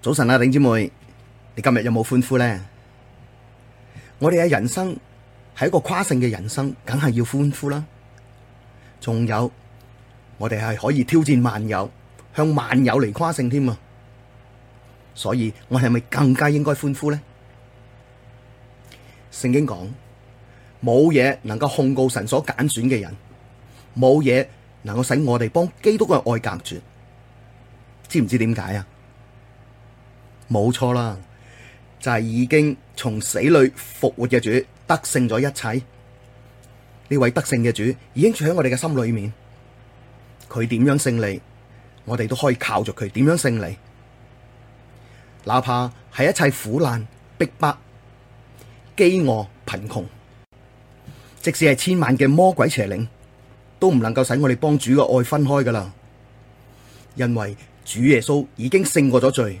早晨啊，頂姐妹，你今日有冇歡呼呢？我哋嘅人生係一個誇勝嘅人生，梗係要歡呼啦。仲有，我哋係可以挑戰萬有，向萬有嚟誇勝添啊！所以我係咪更加應該歡呼呢？聖經講，冇嘢能夠控告神所揀選嘅人，冇嘢能夠使我哋幫基督嘅愛隔絕，知唔知點解啊？冇錯啦，就係、是、已經從死裏復活嘅主得勝咗一切。呢位得勝嘅主已經住喺我哋嘅心裏面，佢點樣勝利，我哋都可以靠著佢點樣勝利。哪怕係一切苦難、逼迫、飢餓、貧窮，即使係千萬嘅魔鬼邪靈，都唔能夠使我哋幫主嘅愛分開噶啦，因為主耶穌已經勝過咗罪。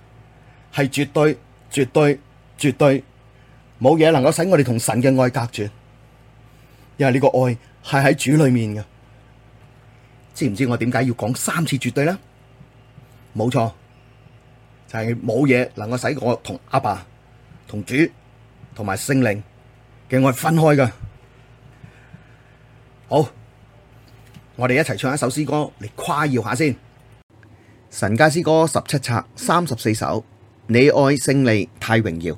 係絕對、絕對、絕對冇嘢能夠使我哋同神嘅愛隔絕，因為呢個愛係喺主裏面嘅。知唔知我點解要講三次絕對呢？冇錯，就係冇嘢能夠使我同阿爸、同主、同埋聖靈嘅愛分開嘅。好，我哋一齊唱一首詩歌嚟誇耀下先。神家詩歌十七冊三十四首。你愛勝利太榮耀。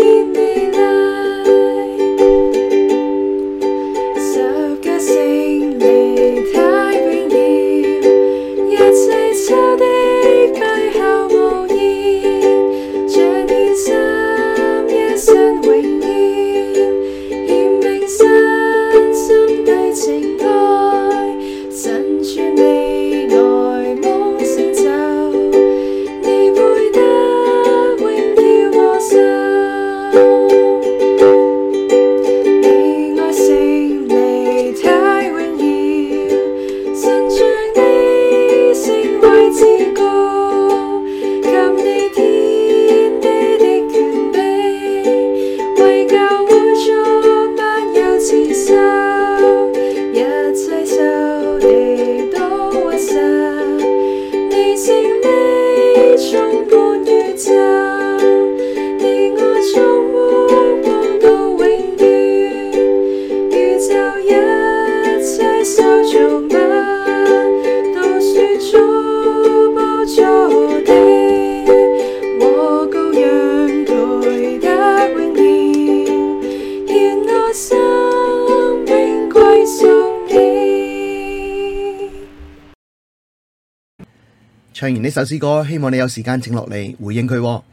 唱完呢首詩歌，希望你有時間靜落嚟回應佢。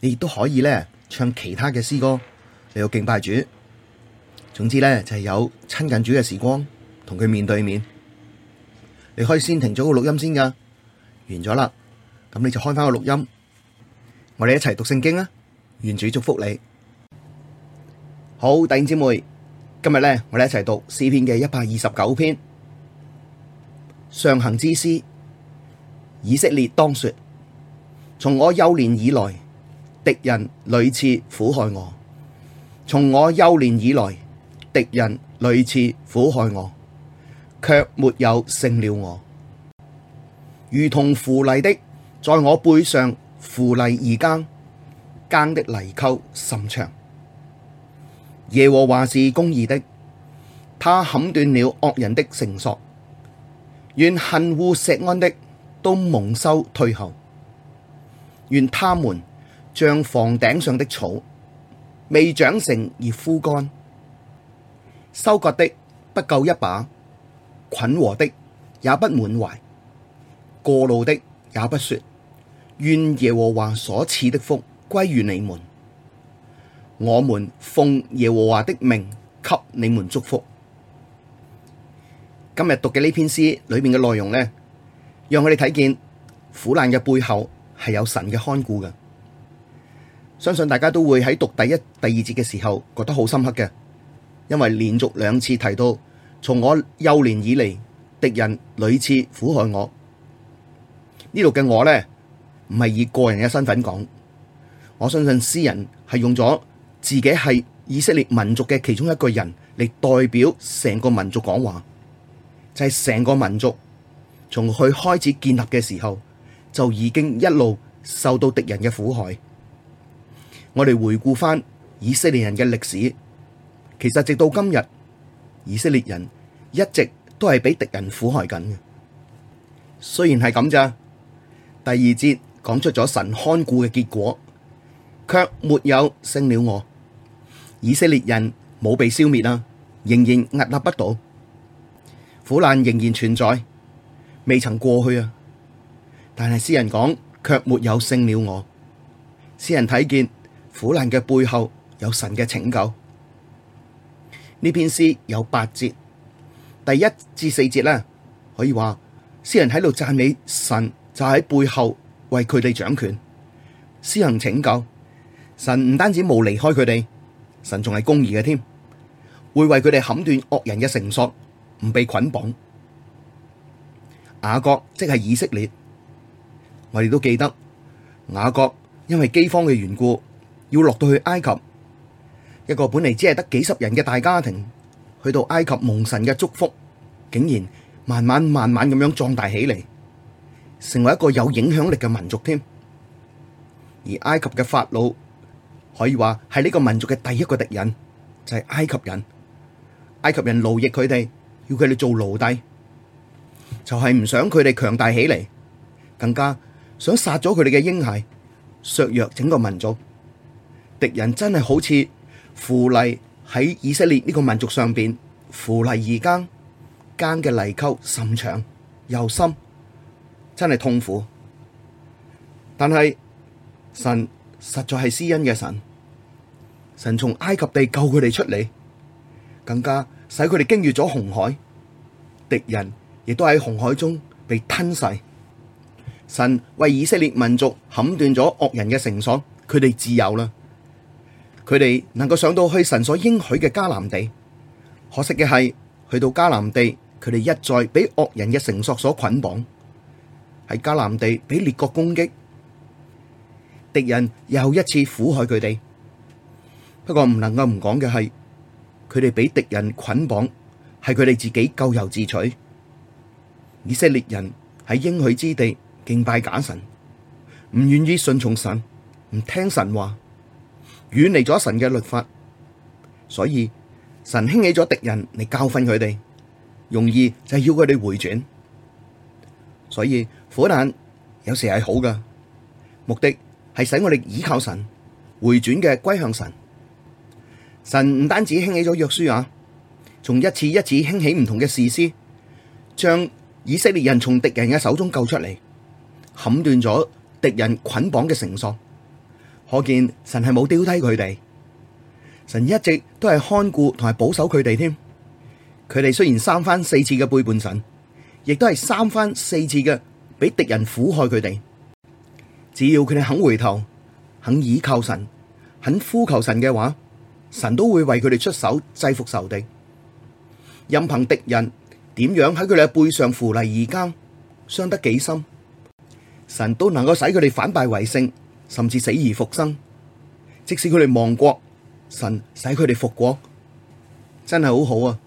你亦都可以咧唱其他嘅詩歌你到敬拜主。總之咧就係，有親近主嘅時光，同佢面對面。你可以先停咗個錄音先噶，完咗啦，咁你就開翻個錄音。我哋一齊讀聖經啊！願主祝福你。好，弟兄姊妹，今日咧我哋一齊讀詩篇嘅一百二十九篇，上行之詩。以色列當説：從我幼年以來，敵人屢次苦害我；從我幼年以來，敵人屢次苦害我，卻沒有勝了我。如同扶犁的，在我背上扶犁而耕，耕的犁溝甚長。耶和華是公義的，他砍斷了惡人的繩索，願恨惡錫安的都蒙羞退後，願他們像房頂上的草，未長成而枯乾；收割的不夠一把，捆禾的也不滿懷，過路的也不說。願耶和華所賜的福歸於你們。我們奉耶和華的名給你們祝福。今日讀嘅呢篇詩裏面嘅內容呢。讓我哋睇見苦難嘅背後係有神嘅看顧嘅，相信大家都會喺讀第一、第二節嘅時候覺得好深刻嘅。因為連續兩次提到，從我幼年以嚟，敵人屢次苦害我。呢度嘅我呢，唔係以個人嘅身份講，我相信詩人係用咗自己係以色列民族嘅其中一個人嚟代表成個民族講話，就係、是、成個民族。從佢開始建立嘅時候，就已經一路受到敵人嘅苦害。我哋回顧翻以色列人嘅歷史，其實直到今日，以色列人一直都係俾敵人苦害緊嘅。雖然係咁咋，第二節講出咗神看顧嘅結果，卻沒有勝了我。以色列人冇被消滅啊，仍然屹立不倒，苦難仍然存在。未曾過去啊，但係詩人講，卻沒有勝了我。詩人睇見苦難嘅背後有神嘅拯救。呢篇詩有八節，第一至四節啦，可以話詩人喺度讚美神，就喺、是、背後為佢哋掌權，施行拯救。神唔單止冇離開佢哋，神仲係公義嘅添，會為佢哋砍斷惡人嘅繩索，唔被捆綁。雅各即係以色列，我哋都記得雅各因為饑荒嘅緣故，要落到去埃及。一個本嚟只係得幾十人嘅大家庭，去到埃及蒙神嘅祝福，竟然慢慢慢慢咁樣壯大起嚟，成為一個有影響力嘅民族添。而埃及嘅法老可以話係呢個民族嘅第一個敵人，就係、是、埃及人。埃及人奴役佢哋，要佢哋做奴隸。就係唔想佢哋強大起嚟，更加想殺咗佢哋嘅嬰孩，削弱整個民族。敵人真係好似扶犁喺以色列呢個民族上邊扶犁而耕，耕嘅犁溝甚長又深，真係痛苦。但係神實在係施恩嘅神，神從埃及地救佢哋出嚟，更加使佢哋經越咗紅海。敵人。亦都喺紅海中被吞噬。神為以色列民族砍斷咗惡人嘅繩索，佢哋自由啦。佢哋能夠上到去神所應許嘅迦南地。可惜嘅係，去到迦南地，佢哋一再俾惡人嘅繩索所捆綁。喺迦南地，俾列國攻擊，敵人又一次苦害佢哋。不過唔能夠唔講嘅係，佢哋俾敵人捆綁，係佢哋自己咎由自取。以色列人喺應許之地敬拜假神，唔願意順從神，唔聽神話，遠離咗神嘅律法，所以神興起咗敵人嚟教訓佢哋，容易就係要佢哋回轉。所以苦難有時係好嘅，目的係使我哋倚靠神，回轉嘅歸向神。神唔單止興起咗約書亞，仲一次一次興起唔同嘅士師，將。以色列人從敵人嘅手中救出嚟，砍斷咗敵人捆綁嘅繩索，可見神係冇丟低佢哋，神一直都係看顧同埋保守佢哋添。佢哋雖然三番四次嘅背叛神，亦都係三番四次嘅俾敵人苦害佢哋。只要佢哋肯回頭，肯倚靠神，肯呼求神嘅話，神都會為佢哋出手制服仇敵，任憑敵人，點樣喺佢哋嘅背上扶犁而耕，傷得幾深？神都能夠使佢哋反敗為勝，甚至死而復生。即使佢哋亡國，神使佢哋復國，真係好好啊！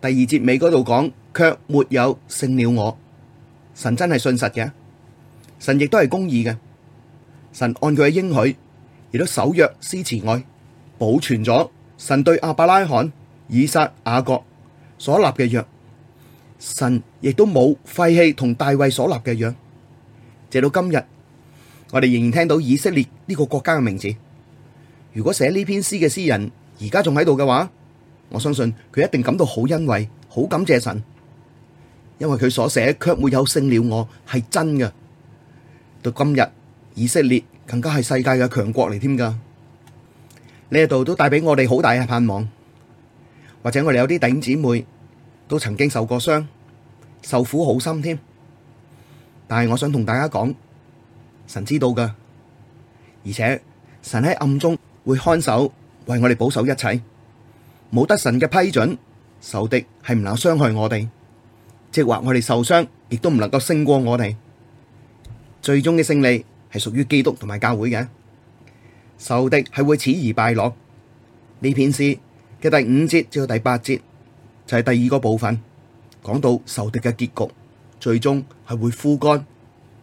第二節尾嗰度講，卻沒有勝了我。神真係信實嘅，神亦都係公義嘅。神按佢嘅應許，亦都守約施慈愛，保存咗神對亞伯拉罕、以撒、雅各所立嘅約。神亦都冇廢棄同大衛所立嘅約，直到今日，我哋仍然聽到以色列呢個國家嘅名字。如果寫呢篇詩嘅詩人而家仲喺度嘅話，我相信佢一定感到好欣慰，好感謝神，因為佢所寫卻沒有勝了我，係真嘅。到今日，以色列更加係世界嘅強國嚟添噶，呢度都帶俾我哋好大嘅盼望，或者我哋有啲弟兄姊妹都曾經受過傷。受苦好心添，但係我想同大家講，神知道噶，而且神喺暗中會看守，為我哋保守一切。冇得神嘅批准，仇敵係唔能夠傷害我哋，即係話我哋受傷亦都唔能夠勝過我哋。最終嘅勝利係屬於基督同埋教會嘅。仇敵係會此而敗落。呢篇詩嘅第五節至到第八節就係第二個部分。講到仇敵嘅結局，最終係會枯乾，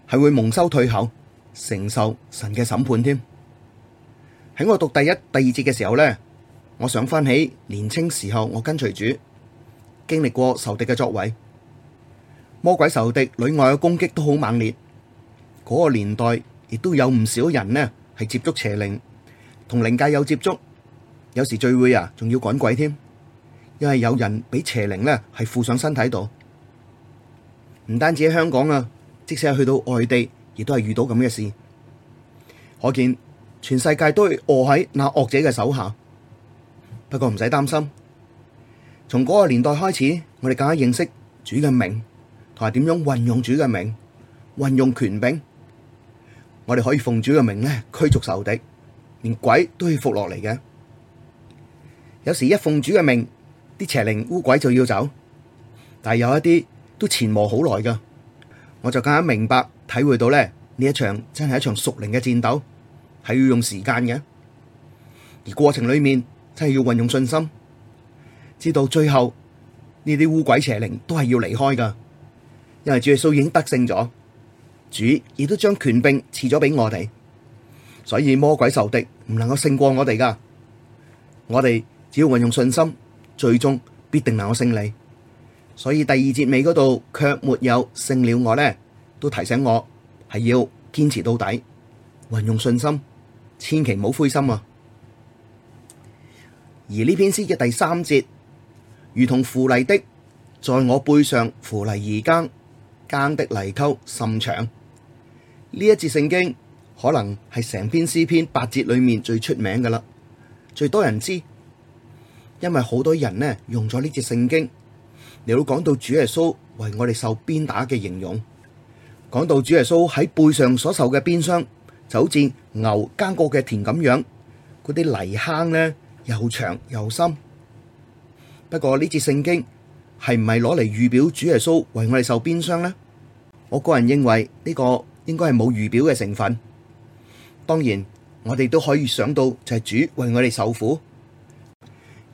係會蒙羞退後，承受神嘅審判添。喺我讀第一、第二節嘅時候呢，我想返起年青時候我跟隨主，經歷過仇敵嘅作為，魔鬼仇敵、裏外嘅攻擊都好猛烈。嗰、那個年代亦都有唔少人呢，係接觸邪靈，同靈界有接觸，有時聚會啊，仲要趕鬼添。又係有人俾邪靈咧，係附上身體度。唔單止喺香港啊，即使係去到外地，亦都係遇到咁嘅事。可見全世界都係臥喺那惡者嘅手下。不過唔使擔心，從嗰個年代開始，我哋更加認識主嘅名，同埋點樣運用主嘅名，運用權柄，我哋可以奉主嘅名咧驅逐仇敵，連鬼都要服落嚟嘅。有時一奉主嘅名。啲邪靈污鬼，就要走，但係有一啲都纏磨好耐噶，我就更加明白體會到咧，呢一場真係一場屬靈嘅戰鬥，係要用時間嘅，而過程裏面真係要運用信心，至到最後呢啲污鬼邪靈都係要離開噶，因為主耶穌已經得勝咗，主亦都將權柄賜咗俾我哋，所以魔鬼仇敵唔能夠勝過我哋噶，我哋只要運用信心。最終必定能我勝利，所以第二節尾嗰度卻沒有勝了我呢，都提醒我係要堅持到底，運用信心，千祈唔好灰心啊！而呢篇詩嘅第三節，如同扶犁的在我背上扶犁而耕，耕的犁溝甚長。呢一節聖經可能係成篇詩篇八節裏面最出名噶啦，最多人知。因為好多人呢用咗呢隻聖經，嚟到講到主耶穌為我哋受鞭打嘅形容，講到主耶穌喺背上所受嘅鞭傷，就好似牛耕過嘅田咁樣，嗰啲泥坑呢又長又深。不過呢隻聖經係唔係攞嚟預表主耶穌為我哋受鞭傷呢？我個人認為呢個應該係冇預表嘅成分。當然，我哋都可以想到就係主為我哋受苦。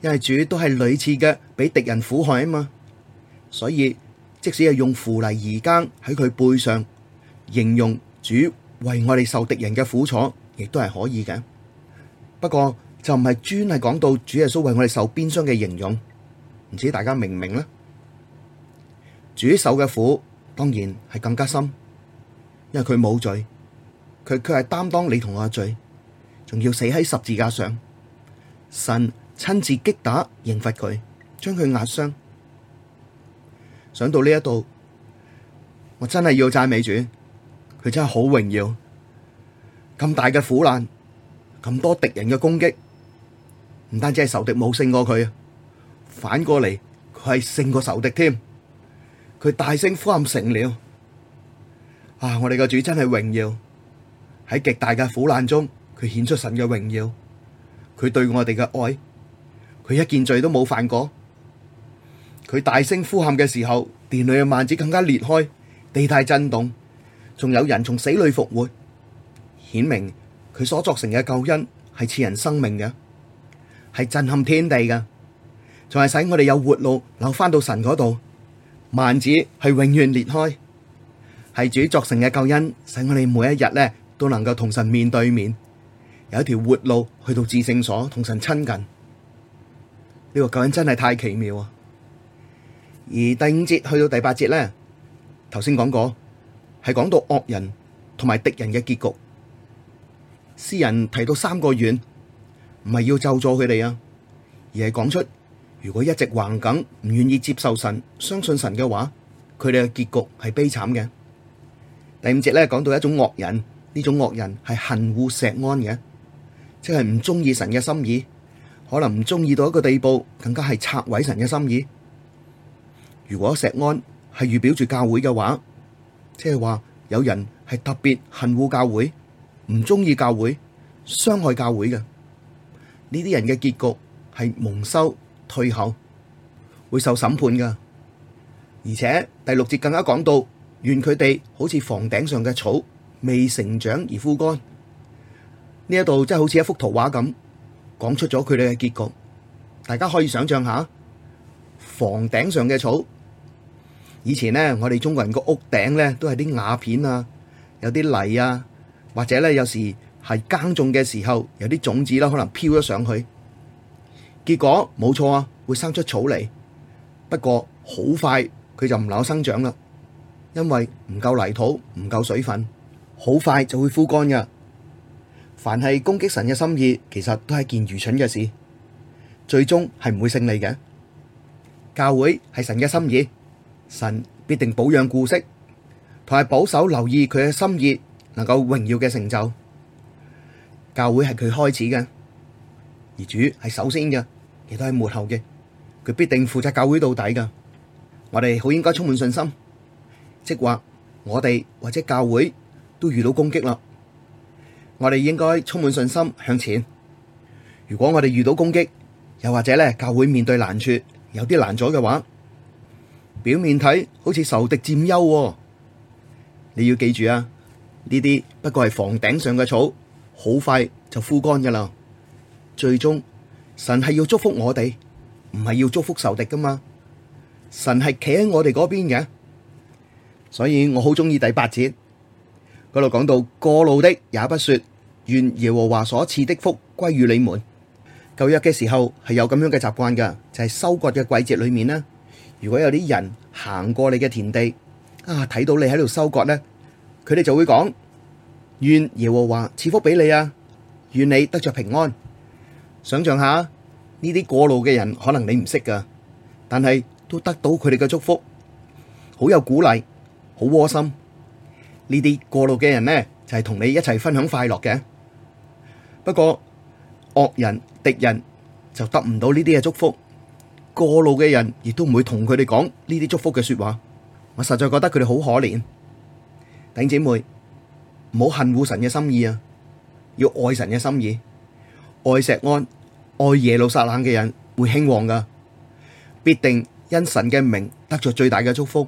因為主都係屢次嘅俾敵人苦害啊嘛，所以即使係用符嚟、而更扶犁而耕喺佢背上形容，主為我哋受敵人嘅苦楚，亦都係可以嘅。不過就唔係專係講到主耶穌為我哋受鞭傷嘅形容，唔知大家明唔明呢？主受嘅苦當然係更加深，因為佢冇罪，佢佢係擔當你同我嘅罪，仲要死喺十字架上，神親自擊打刑罰佢，將佢壓傷。想到呢一度，我真係要讚美主，佢真係好榮耀。咁大嘅苦難，咁多敵人嘅攻擊，唔單止係仇敵冇勝過佢，反過嚟佢係勝過仇敵添。佢大聲呼喊，成了。啊！我哋個主真係榮耀，喺極大嘅苦難中，佢顯出神嘅榮耀，佢對我哋嘅愛。佢一件罪都冇犯過，佢大聲呼喊嘅時候，殿裏嘅幔子更加裂開，地帶震動，仲有人從死裏復活，顯明佢所作成嘅救恩係賜人生命嘅，係震撼天地嘅，仲係使我哋有活路留翻到神嗰度。幔子係永遠裂開，係主作成嘅救恩，使我哋每一日呢都能夠同神面對面，有一條活路去到至聖所同神親近。呢個救人真係太奇妙啊！而第五節去到第八節呢，頭先講過係講到惡人同埋敵人嘅結局。詩人提到三個願，唔係要咒咗佢哋啊，而係講出如果一直橫梗，唔願意接受神、相信神嘅話，佢哋嘅結局係悲慘嘅。第五節呢，講到一種惡人，呢種惡人係恨惡錫安嘅，即係唔中意神嘅心意。可能唔中意到一個地步，更加係拆毀神嘅心意。如果錫安係預表住教會嘅話，即係話有人係特別恨惡教會，唔中意教會，傷害教會嘅。呢啲人嘅結局係蒙羞退後，會受審判㗎。而且第六節更加講到，願佢哋好似房頂上嘅草，未成長而枯乾。呢一度真係好似一幅圖畫咁。講出咗佢哋嘅結局，大家可以想象下，房頂上嘅草。以前呢，我哋中國人個屋頂呢，都係啲瓦片啊，有啲泥啊，或者咧，有時係耕種嘅時候，有啲種子啦，可能飄咗上去，結果冇錯啊，會生出草嚟。不過好快佢就唔能生長啦，因為唔夠泥土、唔夠水分，好快就會枯乾㗎。凡係攻擊神嘅心意，其實都係件愚蠢嘅事，最終係唔會勝利嘅。教會係神嘅心意，神必定保養顧惜，同埋保守留意佢嘅心意，能夠榮耀嘅成就。教會係佢開始嘅，而主係首先嘅，亦都係末後嘅，佢必定負責教會到底㗎。我哋好應該充滿信心，即係話我哋或者教會都遇到攻擊啦。我哋應該充滿信心向前。如果我哋遇到攻擊，又或者咧教會面對難處，有啲難咗嘅話，表面睇好似仇敵佔優，哦，你要記住啊！呢啲不過係房頂上嘅草，好快就枯乾噶啦。最終，神係要祝福我哋，唔係要祝福仇敵噶嘛。神係企喺我哋嗰邊嘅，所以我好中意第八節。嗰度講到過路的也不說，願耶和華所賜的福歸於你們。舊約嘅時候係有咁樣嘅習慣噶，就係收割嘅季節裏面啦。如果有啲人行過你嘅田地，啊，睇到你喺度收割呢，佢哋就會講：願耶和華賜福俾你啊，願你得着平安。想象下呢啲過路嘅人，可能你唔識噶，但係都得到佢哋嘅祝福，好有鼓勵，好窩心。呢啲過路嘅人呢，就係、是、同你一齊分享快樂嘅。不過惡人、敵人就得唔到呢啲嘅祝福。過路嘅人亦都唔會同佢哋講呢啲祝福嘅說話。我實在覺得佢哋好可憐。頂姐妹，唔好恨惡神嘅心意啊！要愛神嘅心意，愛錫安、愛耶路撒冷嘅人會興旺噶，必定因神嘅名得着最大嘅祝福。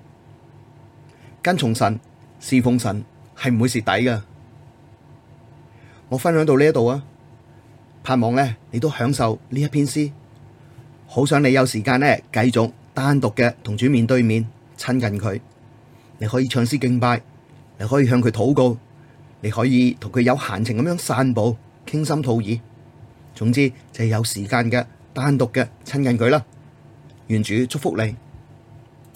跟從神。侍奉神係唔會蝕底噶，我分享到呢一度啊，盼望咧你都享受呢一篇詩，好想你有時間咧繼續單獨嘅同主面對面親近佢，你可以唱詩敬拜，你可以向佢禱告，你可以同佢有閒情咁樣散步傾心吐意，總之就係有時間嘅單獨嘅親近佢啦，願主祝福你。